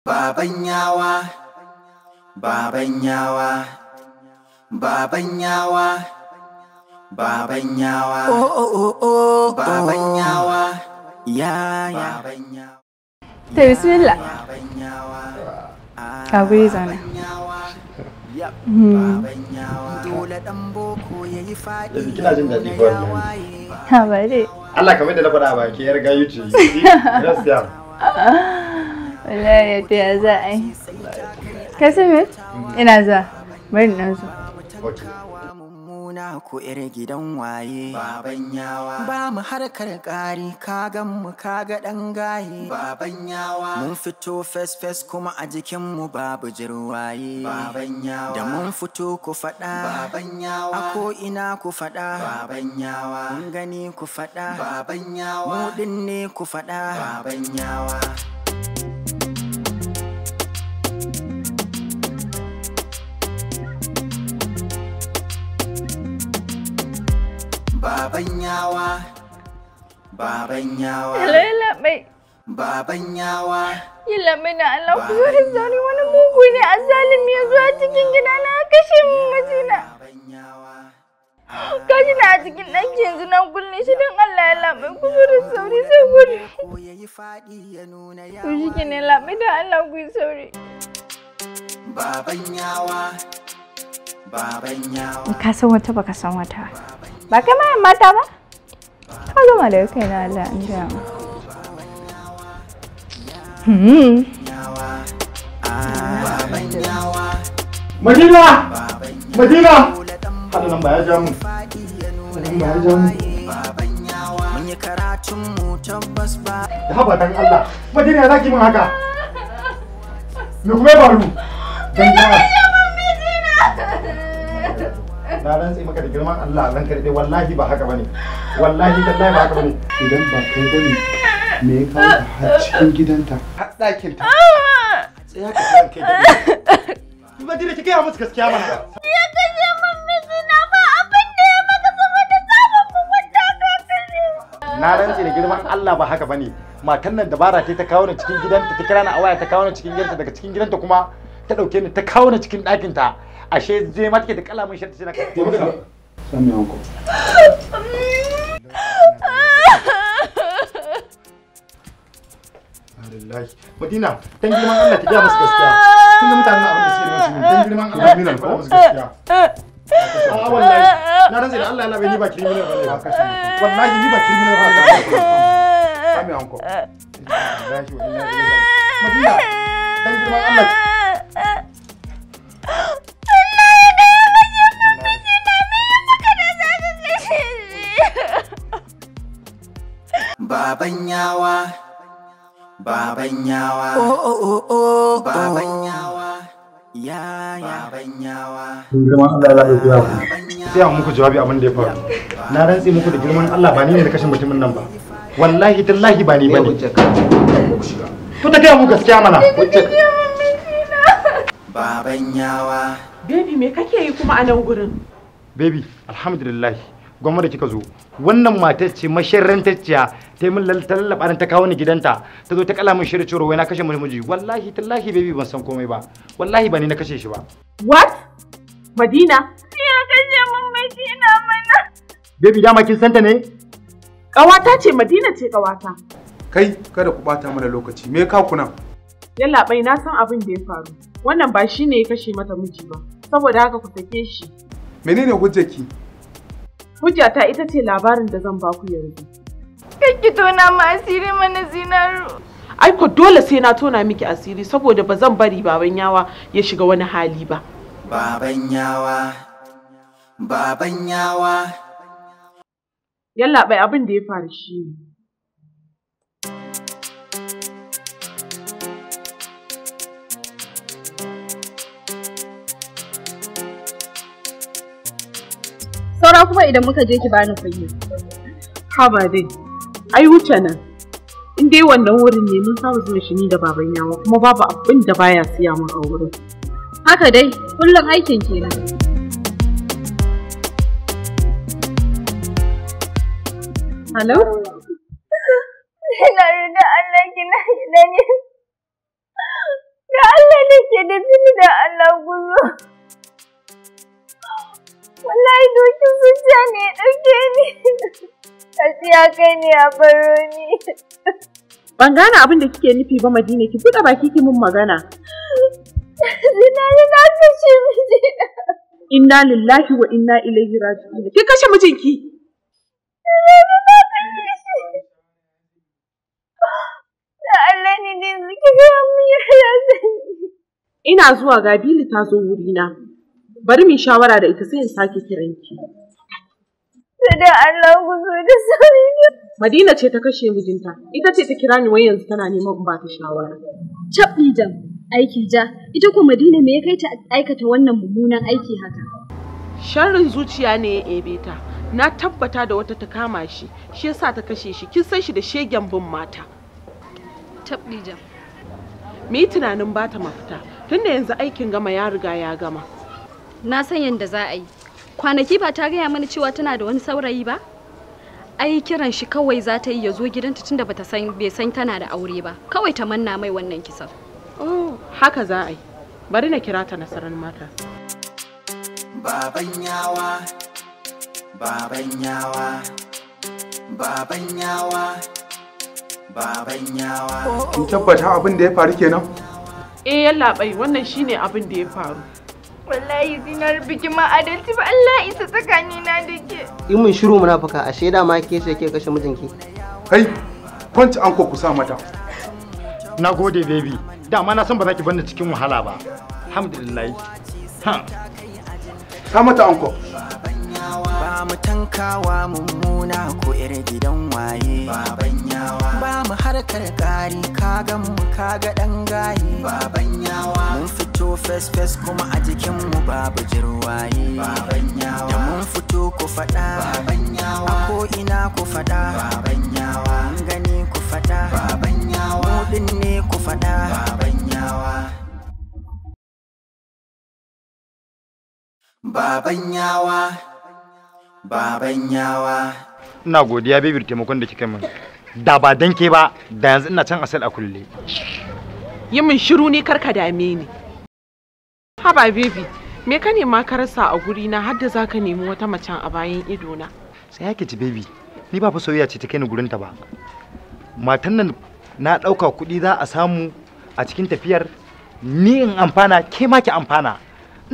Baban yawa, baban yawa, baban yawa, baban yawa, oh oh, oh, oh, oh. baban yawa, ya ya. bismillah. Kina jin daɗi ko Ha Allah kamar da na faɗa ba ke Gaskiya. wallahi ya za a yi kasimir ina za bari na zo ku iri gidan waye baban yawa ba mu harkar ƙari ka gan mu ka ga ɗan gaye baban yawa mun fito fes fes kuma a jikin mu babu jirwaye baban yawa da mun fito ku faɗa baban yawa a ko ina ku faɗa baban yawa mun gani ku faɗa baban yawa mu ɗin ne ku faɗa baban yawa baban yawa baban yawa laila mai baban yawa Allah ku wani mugu ne a zalimi ya zo a cikin gida na kashe min mijina kaji na a cikin ɗanki yanzu na kulle shi Allah ya ku zo sauri sai gudu ku shi ne da Allah ku yi sauri baban yawa baban yawa san wata baka ba kai ba ka gama da kai na Allah in ji hmm. Madina! Madina! Hada nan ba ya ja mu. Nan karatun mu tabbas ba. Da haba dan Allah. Madina za ki min haka. Me kuma ya na rantsi maka da girman Allah ran karbe wallahi ba haka bane wallahi tallahi ba haka bane idan ba kai bane me ya kawo ta cikin gidanta a ɗakin ah! ta sai haka kan kai da ni ba dire ki kai musu gaskiya mana ya kaje mun miji na ba ya maka saboda samun mu wanda ka na rantsi da girman Allah ba haka bane matan nan dabara ta ta kawo ni cikin gidanta ta kira ni a waya ta kawo ni cikin gidanta daga cikin gidanta kuma ta dauke ni ta kawo ni cikin ɗakin ta ashe je ma take da kalamin shi ta ce na sami anko Alhamdulillah. Madina, dan girman Allah ki musu gaskiya. Kin ga mutanen abin da suke yi musu dan girman Allah ki musu gaskiya. anko. Madina, Allah babanyawa yawa, baban yawa, baban yawa, oh, oh, oh, ya baban yawa. Girman Allah za biya ku. Sai an muku jawabi abin da ya faru. Na rantse muku da girman Allah ba ni ne da kashe mutumin nan ba. Wallahi tallahi ba ni ba ne. To ta gaya mu gaskiya mana. babanyawa Baby me kake yi kuma a nan gurin? Baby alhamdulillah. Gwamnati kika zo wannan matar ce masharrantacciya ta yi min lallaba ta kawo ni gidanta ta zo ta kala min shirin cewa na kashe miji wallahi tallahi baby ban san komai ba wallahi ba ni na kashe shi ba what madina ya kashe min madina mana baby dama kin santa ne kawata ce madina ce kawata kai kada ku bata mana lokaci me ka kuna yalla bai na san abin da ya faru wannan ba shine ya kashe mata miji ba saboda haka ku sake shi menene hujjarki Hujjata ita ce labarin da zan baku yanzu. Kakki tona ma asiri mana zinaro. Ai ko dole sai na tona miki asiri saboda ba zan bari baban yawa ya shiga wani hali ba. Baban yawa, baban yawa. Yalla abin da ya faru shi ne. kuma idan muka je ki bani kunya haba dai ai wuce nan in dai wannan wurin ne mun saba zuwa shi ni da baban yawa kuma babu abin da baya siya mun a wurin haka dai kullum aikin kenan hello ne ya ɗauke ni. Kasi ya kai ni a faro ni. Ban gane abin da kike nufi ba Madina ki buɗe baki ki mun magana. Zinari na kashe mijina. Inna lillahi wa inna ilaihi raji'un. Ki kashe mijinki. Zinari na kashe shi. Da Allah ne ne zuki ga mu ya Ina zuwa ga Bili ta zo wurina. Bari mu shawara da ita sai in sake kiranki. sai dai Allah ku zo da sauri Madina ce ta kashe mijinta ita ce ta kira ni wai yanzu tana neman in ba ta shawara cabbi jam aiki ja ita ko Madina me ya kai ta aikata wannan mummunan aiki haka sharrin zuciya ne ya ebe ta na tabbata da wata ta kama shi shi yasa ta kashe shi kin san shi da shegen bin mata cabbi jam me tunanin bata mafita tunda yanzu aikin gama ya riga ya gama na san yadda za a yi kwanaki ba ta gaya mani cewa tana da wani saurayi ba ai kiran shi kawai za ta yi ya zo gidanta tunda bata san bai san tana da aure ba kawai ta manna mai wannan kisan oh haka za a yi bari na kira ta nasarar mata baban yawa baban yawa baban yawa baban yawa kin tabbata abin da ya faru kenan eh yalla wannan shine abin da ya faru wallahi zinar bikin adalci ba Allah isa tsakani na da ke in mun shiru munafuka a shaida ma ke ce ke kashe mijinki kai kwanci an ko kusa mata na gode baby dama na san ba za ki bani cikin wahala ba alhamdulillah ha sa mata anko mu tankawa mummuna ko ir gidan waye baban yawa ba mu harkar kari ka gan mu ka ga dan gaye baban yawa mun fito fes fes kuma a jikin mu babu jirwaye baban yawa da mun fito ku fada baban yawa ko ina ku fada baban yawa mun gani ku fada baban yawa mudin ne ku fada baban yawa Baban yawa. baban yawa ina godiya bibir taimakon da kika min da ba danke ba da yanzu ina can asal a kulle yi min shiru ne ka dame ni haba baby me ka nema ka rasa a guri na har da ka nemi wata macen a bayan ido na sai yake ji baby ni ba fa soyayya ce ta kai ni gurin ta ba matan nan na dauka kuɗi za a samu a cikin tafiyar ni in amfana ke ma ki amfana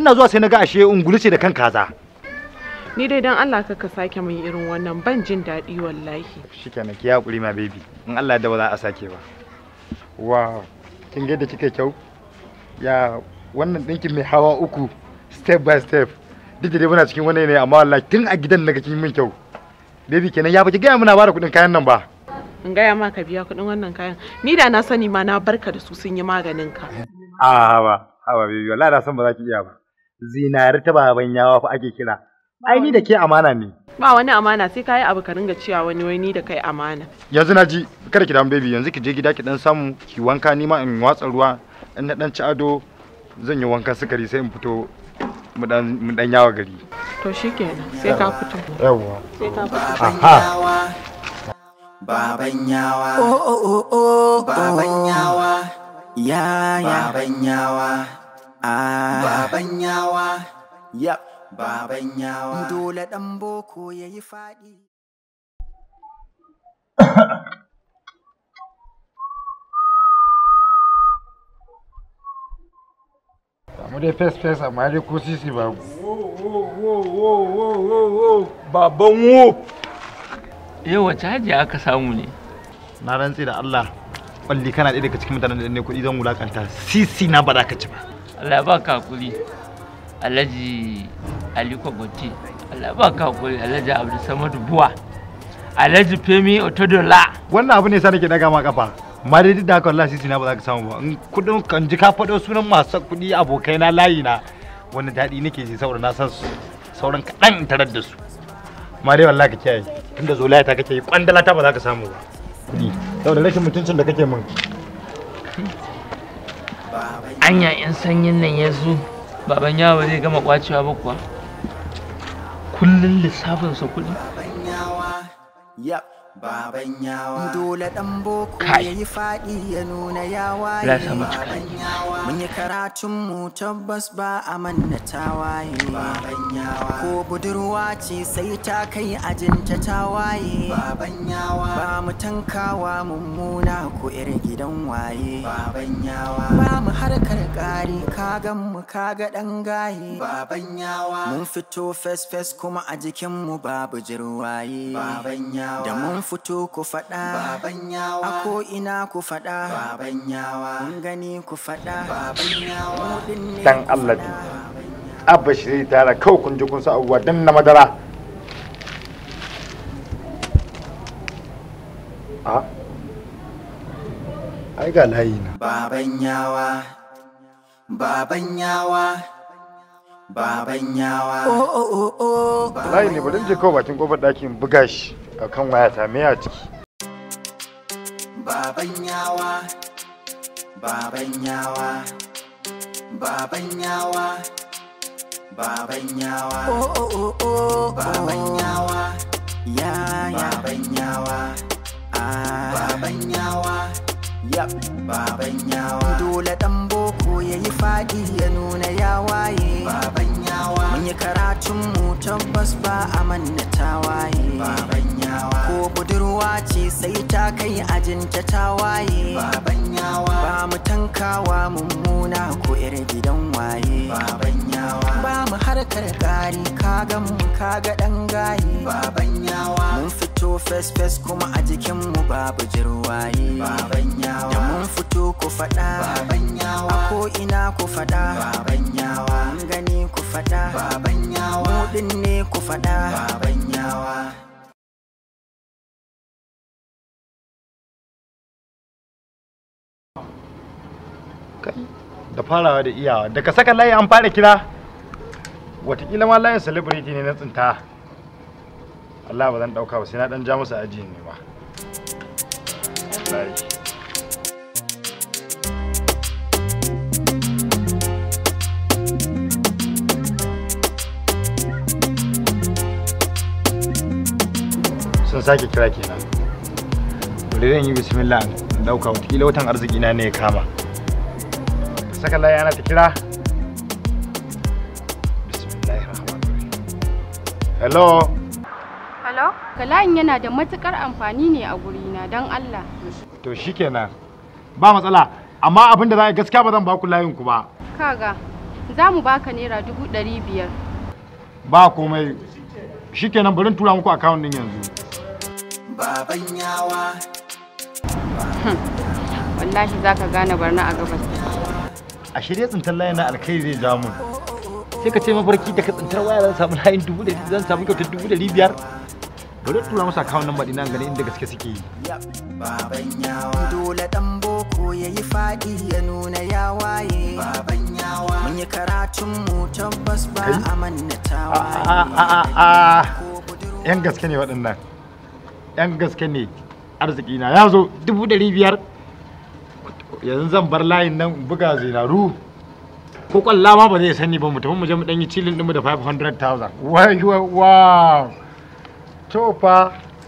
ina zuwa sai na ga ashe ungulu ce da kan kaza ni dai dan Allah ka ka sake min irin wannan ban jin daɗi wallahi shikenan ki hakuri ma baby in Allah da ba za a sake ba wa kin ga da kike kyau ya wannan dinkin mai hawa uku step by step duk da dai muna cikin wani ne amma wallahi tun a gidan naga kin min kyau baby kenan ya baki gaya muna da kuɗin kayan nan ba in gaya ma ka biya kuɗin wannan kayan ni da na sani ma na barka da su sun yi maganin ka a ah, ba a ba baby wallahi na san ba za ki iya ba zinari ta baban yawa fa ake kira Ai ni da ke amana ne. Ba wani amana sai kayi abu ka ringa cewa wani wai ni da kai amana. Yanzu na ji kada ki damu baby yanzu ki je gida ki dan samu ki wanka ni ma in watsa ruwa in na dan ci ado zan yi wanka sukari sai in fito mu dan yawa gari. To shikenan sai ka fito. Yawa. Sai ka fito. Baban yawa, oh, oh, oh, oh, baban yawa, ya, ya, baban yawa, ah, baban yawa, yep. baban yawa dole dan boko yayi fadi samu dai fes fes amma dai ko sisi babu baban wo yau eh, wace hajiya aka samu ne na rantse da Allah kwalli kana ɗaya daga cikin mutanen da ne kuɗi zan wulakanta sisi na ba da ka ci ba Allah ba ka hakuri alhaji aliko gote alaba ka hakuri alhaji abdul samad buwa alhaji femi otodola wannan abu ne sai nake daga ma kafa ma da ka wallahi sisi na ba za ka samu ba in kudin kan ji ka fado sunan masu Kudi, abokai na layi na wani daɗi nake ji saboda na san su sauran kaɗan in tarar da su ma dai wallahi ka kiyaye tunda zolaya ta kake yi kwandala ta ba za ka samu ba kudi saboda rashin mutuncin da kake min anya in sanyin nan ya zo baban yawa zai gama kwacewa ba kuwa kullum lissafinsa kuɗi baban yawa dole dan boko yayi fadi ya nuna ya baban yawa mun yi karatun mu tabbas ba a manna tawaye baban yawa ko budurwa ce sai ta kai ajinta tawaye baban yawa ba mu tankawa mummuna ko ir gidan waye baban yawa ba mu harkar kari gan mu kaga dan gaye baban yawa mun fito fes fes kuma a jikin mu babu jirwaye baban yawa da mun fito ku faɗa baban yawa a ina ku faɗa baban yawa mun gani ku faɗa baban yawa dan Allah abba shi tara kawai kun ji kun sa abubuwa dan na madara a ai ga layi na baban yawa baban yawa baban yawa. Oh, oh, oh, oh. Layi ne ba don je kawai bakin kofar ɗakin buga shi. akan wayata mai a ciki baban yawa baban yawa baban yawa baban yawa oh, oh, oh, baban yawa ya ya baban yawa ah. baban yawa yap baban yawa dole dan boko ya yi faɗi ya nuna ya waye baban yawa mun yi karatun mu tabbas ba a manna ta waye. baban ko budurwa ce sai ta kai ajinta ta waye ba mu tankawa mummuna ko irin gidan waye ba mu harkar gari kagan mu kaga dan gaye mun fito fes fes kuma a jikin mu babu jirwaye da mun fito ku fada a ko ina ku fada mun gani ku fada mudin ne ku fada da farawa da iyawa daga saka layi an fara kira watakila ma layin celebrity ne na tsinta Allah ba zan dauka ba sai na dan ja musu aji ne ba. layi sun sake kira kenan bari zan yi bismillah in dauka watakila watan arziki na ne ya kama saka layi ana ta kira hello Kala in yana da matukar amfani ne a gurina don allah to shikenan ba matsala amma abin da za a gaskiya ba zan ba ku layin ku ba kaga za mu baka naira dubu ɗari biyar ba komai shikenan bari tura muku akawun din yanzu baban yawa wallahi zaka gane barna a gabas a shirye tsintar layin na alkai zai ja mun sai ka ce mafarki da ka tsintar waya zan samu layin dubu da zan samu kyautar dubu da biyar bari tura masa akawun nan baɗi nan ganin inda gaske suke yi. Dole dan boko ya faɗi ya nuna ya waye. yi karatun mu tabbas ba Yan gaske ne waɗannan. Yan gaske ne arziki na ya zo dubu ɗari biyar yanzu zan bar layin nan buga zinaru ko kwalla ma ba zai sani ba mu tafi mu je mu dan yi cilin dinmu da 500,000 wai wow to fa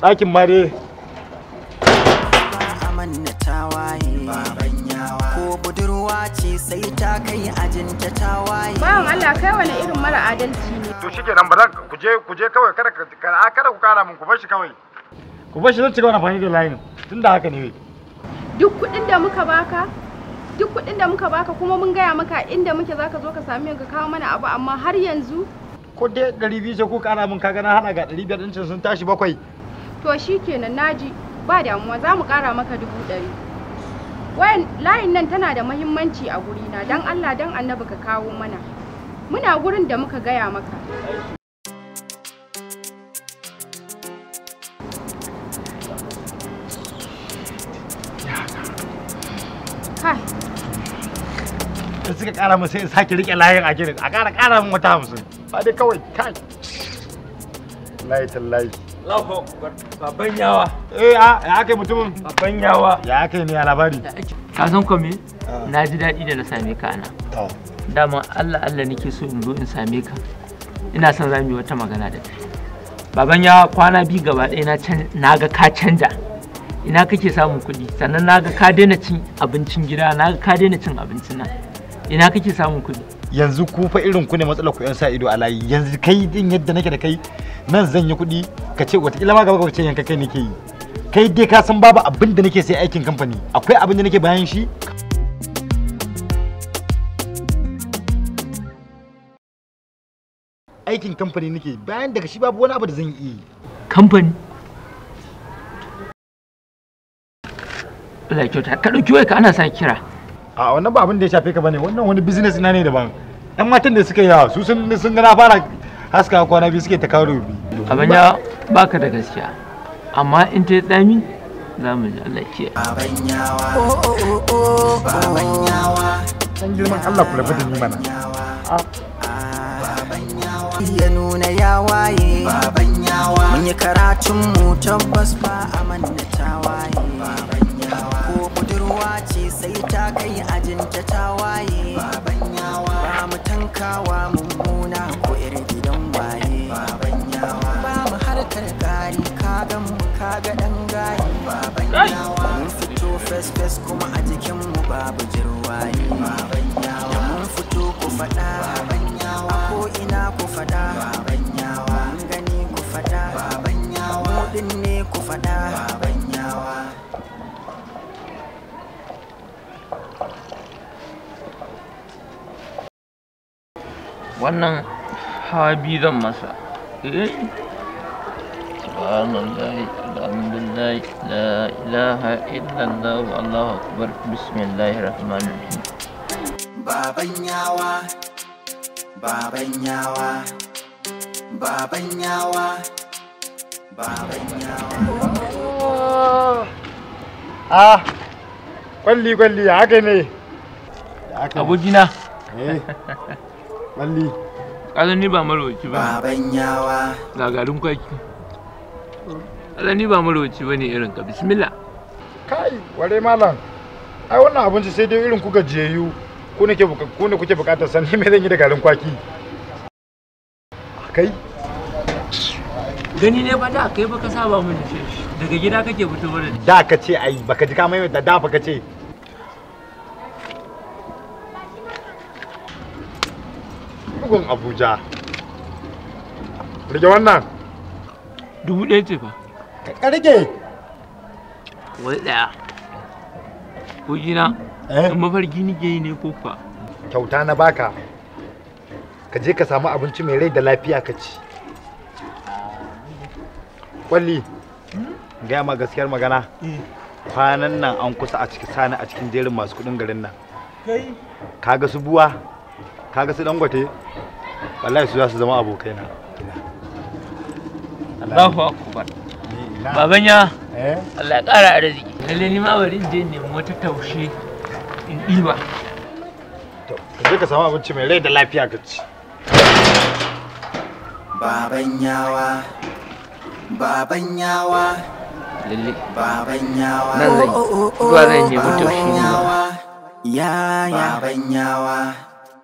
ɗakin ma dai manna tawaye ko budurwa ce sai ta kai ajinta tawaye bawan Allah kai wani irin mara adalci ne to shikenan ba za ku je ku je kawai kada kada ku kara mun ku bar shi kawai ku bar shi zan ci gaba da fahimtar layin tunda haka ne duk kuɗin da muka baka duk kuɗin da muka baka kuma mun gaya maka inda muke zaka zo ka sami ka kawo mana abu amma har yanzu ko dai ɗari biyu ce ko ƙara min kaga na hana ga ɗari biyar ɗin sun tashi bakwai to shikenan naji ba damuwa za mu kara maka dubu ɗari wayan layin nan tana da muhimmanci a gurina dan Allah dan annabi ka kawo mana muna gurin da muka gaya maka suka kara mu sai sake rike layin a ginin a kara kara min wata hamsu ba dai kawai kai ta lai lafo babban yawa eh a ya kai mutumin babban yawa ya kai ne a labari ka san ko me ah. na ji daɗi da na same ka ana to dama Allah Allah nake so in zo in same ka ina son za mu yi wata magana da kai baban yawa kwana bi gaba ɗaya na ga ka canja ina kake samun kuɗi sannan na ga ka daina cin abincin gida na ga ka daina cin abincin nan ina kake samun kuɗi yanzu ku fa irin ku ne matsalar ku yan sa ido a layi yanzu kai din yadda nake da kai nan zan yi kuɗi ka ce wataƙila ma gaba ka ce yanka kai nake yi kai dai ka san babu abin da nake sai aikin kamfani akwai abin da nake bayan shi aikin kamfani nake bayan daga shi babu wani abu da zan yi kamfani Allah kyauta ka ɗauki wai ka ana sa kira a wannan ba abin da ya shafe ka bane wannan wani business na ne daban yan matan da suka yi yawa su sun sun fara haska kwana biyu suke ta kawo rubi abin ya baka da gaskiya amma in ta dami za mu ji Allah ke oh, oh, oh, nuna ya waye karatun mu tabbas ba a ta ce sai ta kai ajinta ta waye baban yawa ba mu tankawa mummuna ko irin gidan waye baban yawa ba mu harkar gari ka ga mu ka ga dan gari baban yawa mun fito fes fes kuma a jikin mu babu wannan habi zan masa eh. subhanallah alhamdulillah la ilaha illallah wallahu akbar bismillahir rahmanir rahim baban yawa baban yawa baban yawa baban yawa ah kwalli kwalli haka ne abujina eh Alli. Kalan ni ba marwaci ba. Baban yawa. Gagarin kwaki. Kalan ni ba marwaci ba ne irin ka. Bismillah. Kai, ware malam. Ai wannan abinci sai dai irin ku gajiyayyu. Ku ne kuke bukatar sani me zan yi da garin kwaki. Kai? Gani ne ba da kai baka saba mun da gida kake fito Da ka ce ai baka ji ka maimaita da baka ce. bugun abuja rage wannan dubu ɗaya ce fa ka rage wani ɗaya ko gina in eh? mafarki nike yi ne ko fa kyauta na baka ka je ka samu abinci mai rai da lafiya ka ci kwalli gaya ma gaskiyar magana eh. kwanan nan an kusa a ciki sani a cikin jerin masu kudin garin nan kaga su buwa kaga su dangote wallahi su za zama abokai na Allahu akbar babanya eh? Allah ya kara arziki lalle ni ma bari in je nemi wata taushe in diba to kaje ka samu abinci mai rai da lafiya ka ci baban yawa baban yawa lalle baban yawa nan zan zuwa ya ya baban yawa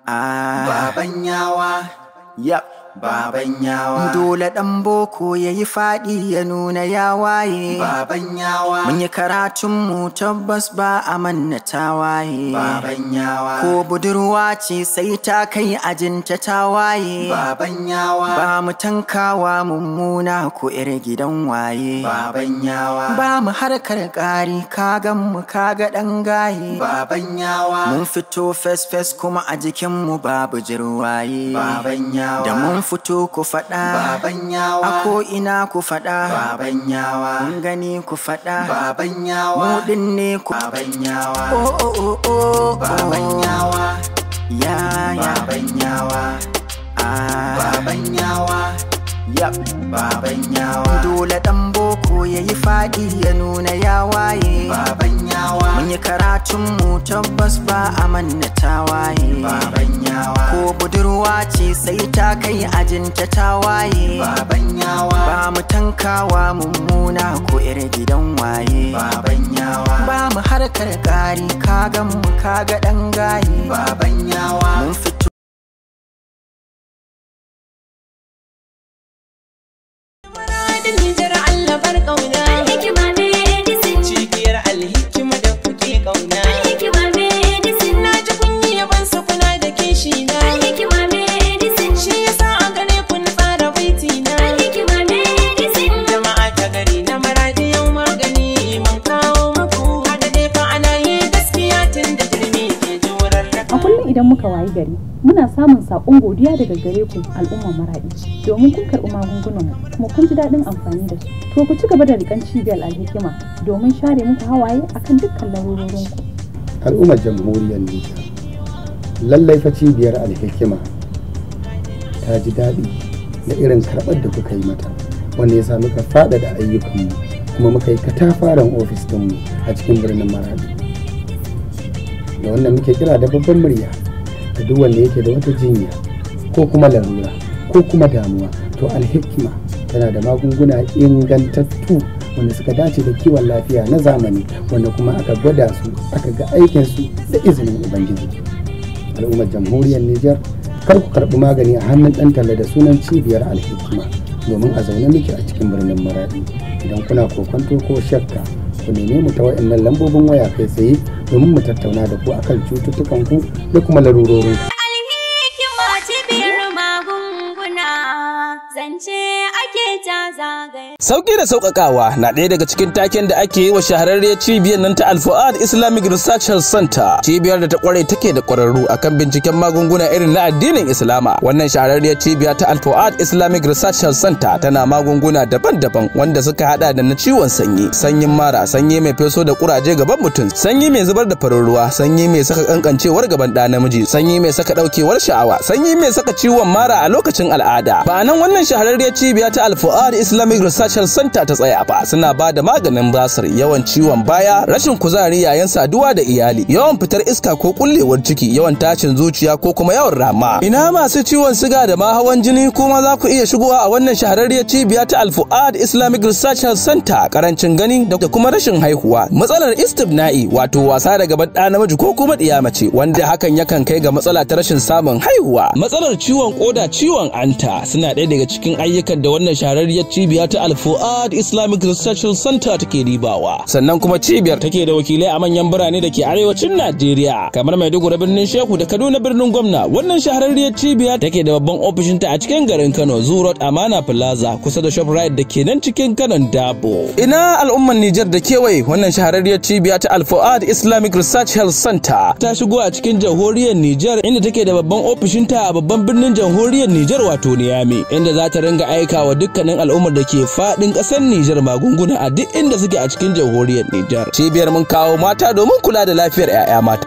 Baban yawa. Yep. baban yawa dole dan boko yayi faɗi ya nuna ya waye baban yawa mun yi karatun mu tabbas ba a manna ta waye baban yawa ko budurwa ce sai ta kai ajinta ta waye baban yawa ba mu tankawa mummuna ko ir gidan waye baban yawa ba mu harkar kari gan mu ka ga dan gaye baban yawa mun fito fes fes kuma a jikin mu babu jirwaye baban yawa da mun fito ku faɗa baban yawa a ko ina ku faɗa baban yawa mun gani ku faɗa baban yawa mu din ne ku baban yawa o o o o baban yawa ya ya baban yawa a ah. baban yawa yap baban yawa dole dan ko ya yi faɗi ya nuna ya waye baban ya mun yi karatun mu tabbas ba a manna ta waye baban ya ko budurwa ce sai ta kai ajinta ta waye baban ya ba mu tankawa mummuna ko ir gidan waye baban ya ba mu harkar gari ka gan mu ka ga dan gaye baban ya mun fito dominar. idan muka wayi gari muna samun saƙon godiya daga gare ku al'ummar maraɗi domin kun karɓi magungunan mu kuma kun ji daɗin amfani da su to ku ci gaba da riƙan cibiyar alhikima domin share muku hawaye akan dukkan larurorin ku al'ummar jamhuriyar nisa lallai fa cibiyar alhikima ta ji daɗi da irin karɓar da kuka yi mata wanda ya sa muka faɗa da ayyukanmu kuma muka yi katafaren ofis ɗinmu a cikin birnin maraɗi da wannan muke kira da babban murya da duk wanda yake da wata jinya ko kuma larura ko kuma damuwa to alhikima tana da magunguna ingantattu wanda suka dace da kiwon lafiya na zamani wanda kuma aka gwada su aka ga aikinsu da izinin ubangiji al'ummar jamhuriyar niger kar ku karɓi magani a hannun ɗan talla da sunan cibiyar alhikima domin a zaune muke a cikin birnin maradi idan kuna kokonto ko shakka ku nemi mu ta wa'annan lambobin waya kai tsaye domin mu tattauna da ku akan cututtukan ku da kuma larurorin ku. Alhikima cibiyar magunguna zance sauƙi da sauƙaƙawa na ɗaya daga cikin taken da ake yi wa shahararriyar cibiyar nan ta Alfa'ad Islamic Research Center. Cibiyar da ta kware take da ƙwararru akan binciken magunguna irin na addinin Islama. Wannan shahararriyar cibiya ta Alfa'ad Islamic Research Center tana magunguna daban-daban wanda suka haɗa da na ciwon sanyi, sanyin mara, sanyi mai feso da ƙuraje gaban mutum, sanyi mai zubar da farin ruwa, sanyi mai saka ƙanƙancewar gaban ɗa namiji, sanyi mai saka ɗaukewar sha'awa, sanyi mai saka ciwon mara a lokacin al'ada. Ba nan wannan shahararriyar cibiya ta alfu'ad islamic research center ta tsaya fa suna ba da maganin basir yawan ciwon baya rashin kuzari yayin saduwa da iyali yawan fitar iska ko kullewar ciki yawan tashin zuciya ko kuma yawan rama ina masu ciwon siga da ma hawan jini kuma za ku iya shigowa a wannan shahararriyar cibiya ta alfu'ad islamic research center karancin gani da kuma rashin haihuwa matsalar istibna'i wato wasa da gaban ɗa namiji ko kuma ɗiya mace wanda hakan yakan kai ga matsala ta rashin samun haihuwa matsalar ciwon koda ciwon anta suna ɗaya daga cikin ayyukan da wannan shahararriyar cibiya ta Al-Fuad Islamic Research Center take ribawa. Sannan kuma cibiyar take da wakilai a manyan birane da ke arewacin Najeriya kamar Maiduguri birnin Shehu da Kaduna birnin Gwamna. Wannan shahararriyar cibiya take da babban ofishin ta a cikin garin Kano Road Amana Plaza kusa da ShopRite da ke nan cikin kano Dabo. Ina al'umman Nijar da kewaye wannan shahararriyar cibiya ta Al-Fuad Islamic Research Health Center ta shigo a cikin jamhuriyar Nijar inda take da babban ofishin ta a babban birnin jamhuriyar Nijar wato Niamey inda za ta ringa aika duk dukkanin al'ummar da ke faɗin kasar Nijar magunguna a duk inda suke a cikin jamhuriyar Nijar. Cibiyar mun kawo mata domin kula da lafiyar 'ya'ya mata.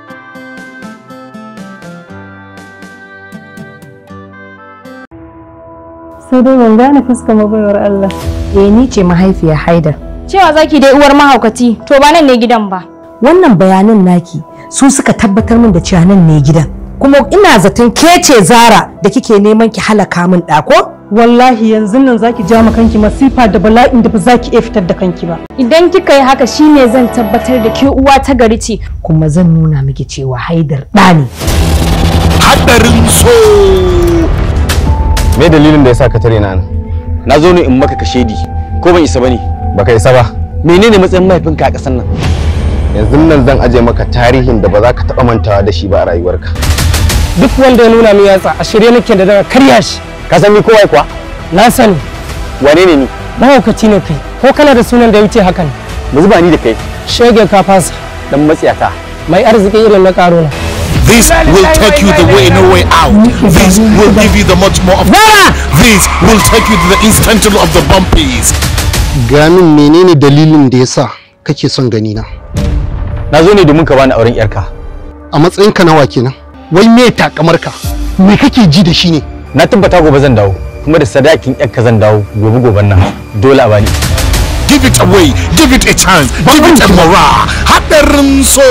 Sai dai ban gane fuskar mabayar Allah. Eh ni ce mahaifiya Haidar. Cewa zaki dai uwar mahaukaci, to ba nan ne gidan ba. Wannan bayanan naki su suka tabbatar min da cewa nan ne gidan. Kuma ina zaton ke ce Zara da kike neman ki halaka min ɗako? wallahi yanzu nan zaki ja ma kanki masifa da bala'in da ba za iya fitar da kanki ba idan kika yi haka shine zan tabbatar da ke uwa ta gari ce kuma zan nuna miki cewa haidar ɗa ne hadarin so me dalilin da yasa ka tare na na zo ne in maka kashedi ko ban isa bane baka isa ba menene matsayin mahaifinka a ƙasar nan yanzu nan zan aje maka tarihin da ba za ka taɓa mantawa da shi ba a rayuwarka duk wanda ya nuna min yatsa a shirye nake da daga karya shi ka san ni kowai kuwa na sani wane ne ni mahaukaci ne kai ko kana da sunan da ya wuce hakan mu zuba ni da kai shege ka fasa dan matsiyata mai arziki irin na karo na. This will take you the way no way out. This will give you the much more of This will take you to the instant of the bumpies. Gamin menene dalilin da yasa kake son gani na? Na zo ne domin ka bani auren yarka. A matsayinka nawa kenan? Wai me kamar ka? Me kake ji da shi ne? na tabbata gobe zan dawo kuma da sadakin yakka zan dawo gobe goben nan dole a bani give it away give it a chance give it a haɗarin so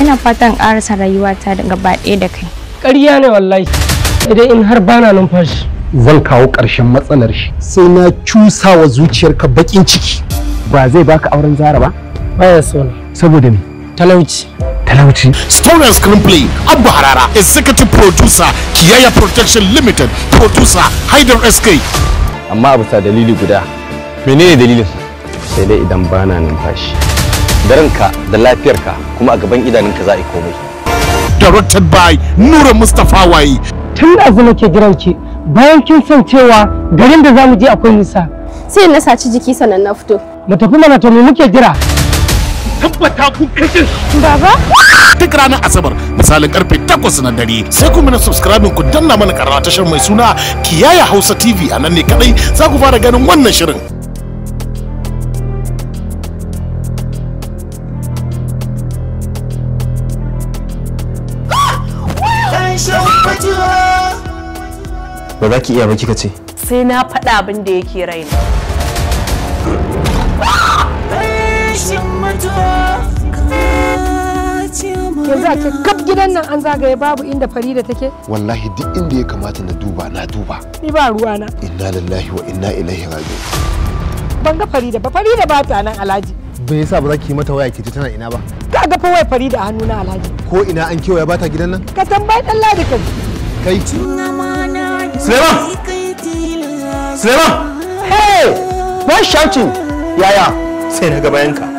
ina fatan ƙarasa rayuwata da gaba ɗaya da kai ƙarya ne wallahi idan in har bana numfashi zan kawo ƙarshen matsalar shi sai na cusawa zuciyarka baƙin ciki ba zai baka auren zara ba baya so saboda me talauci talauci story and screenplay abba harara executive producer kiyaya protection limited producer haidar sk amma a bisa dalili guda menene dalilin sai dai idan bana numfashi Daranka da lafiyarka kuma a gaban idanunka za a yi komai directed by nura mustapha waye tun da ke nake giranki bayan kin san cewa garin da zamu je akwai nisa sai na saci jiki sanan na fito mu tafi mana to muke jira tabbata kun kashe baba duk ranar asabar misalin karfe 8 na dare sai ku mana subscribing ku danna mana karra tashar mai suna kiyaya hausa tv a nan ne kadai za ku fara ganin wannan shirin ba za ki iya ba kika ce sai na faɗa abin da yake raina yanzu a ke kaf gidan nan an zagaye babu inda farida take wallahi duk inda ya kamata na duba na duba ni ba ruwa na. inna lillahi wa inna ilaihi raji'un ban ga farida ba farida ba ta nan alhaji Me yasa ba za ki yi mata waya ki ji tana ina ba ka ga fa wai farida a hannu na alhaji ko ina an kewaya ba ta gidan nan ka tambayi dan ladi kai kai Suleiman Suleiman hey why shouting yaya sai na ga bayanka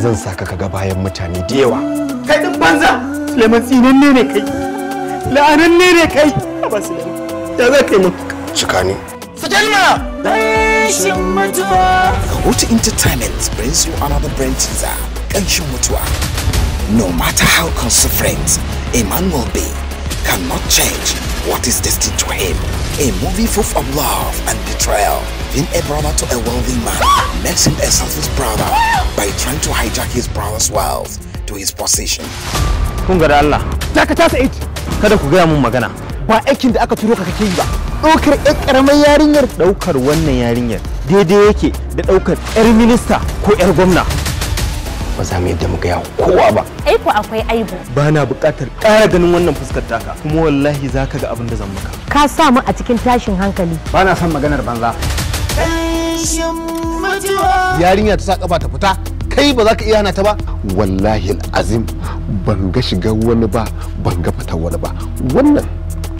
zan saka kaga bayan mutane da yawa kai din banza Suleiman tsinanne ne kai la'anan ne kai ba Suleiman ya za ka yi cika ne fitar mana Kanshin mutuwa Kahutu Entertainment brings you another brand teaser ƙanshin mutuwa No matter how consequent a man will be cannot change what is destined to him. A movie full of love and betrayal. Being a brother to a wealthy man ah! makes him a selfish brother by trying to hijack his brother's wealth to his possession. Kunga da Allah, tasa it. kada ku gaya mun magana. Ba aikin da aka turo ka kake yi ba. Ɗaukar ƴar ƙaramar yarinyar. Ɗaukar wannan yarinyar daidai yake da ɗaukar ƴar minista ko ƴar gwamna. Ba za mu yadda mu gaya kowa ba. Aiko akwai aibu. Ba na buƙatar ƙara ganin wannan fuskar taka kuma wallahi za ka ga abin da zan maka. Ka sa mu a cikin tashin hankali. Ba na son maganar banza. yarinya ta sa kafa ta fita kai ba za ka iya hana ta ba wallahi azim ban ga shiga wani ba ban ga fita wani ba wannan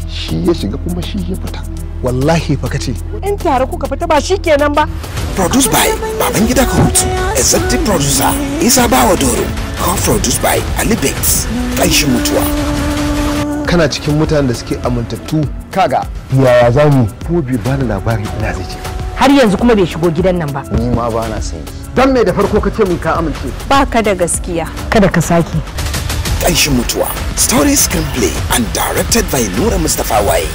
shi ya shiga kuma shi ya fita wallahi fa kace in tare kuka fita ba shi kenan ba produced by baban gida ka hutu executive producer isa bawa doro co-produced by ali bates kanshi mutuwa kana cikin mutanen da suke amintattu kaga yaya zamu ko bai bani labari ina zai ce har yanzu kuma bai shigo gidan nan ba ni ma ba na sani. dan me da farko ka ce mun ka amince ba ka da gaskiya kada ka saki ƙanshin mutuwa story screenplay and directed by Nura Mustafa Waye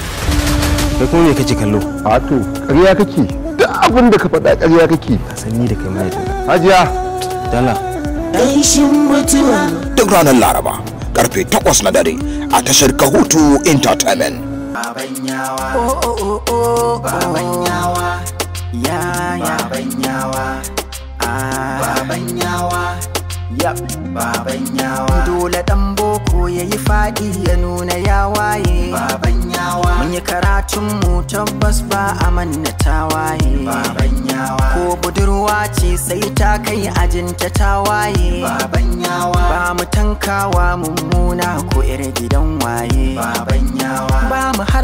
da ko me kake kallo a to ƙarya kake duk abin da ka faɗa ƙarya kake ka san ni da kai mai hajiya dala Kanshin mutuwa duk ranar laraba karfe 8 na dare a tashar kahutu entertainment Baban oh, oh, oh, oh, oh, baban ya ya yawa ah. baban yawa yap dole dan boko yayi fadi ya nuna ya waye baban mun yi karatun mu tabbas ba a manna ta waye ko budurwa ce sai ta kai ajinta ta waye baban ba mu tankawa mummuna ko irin gidan waye baban ba mu har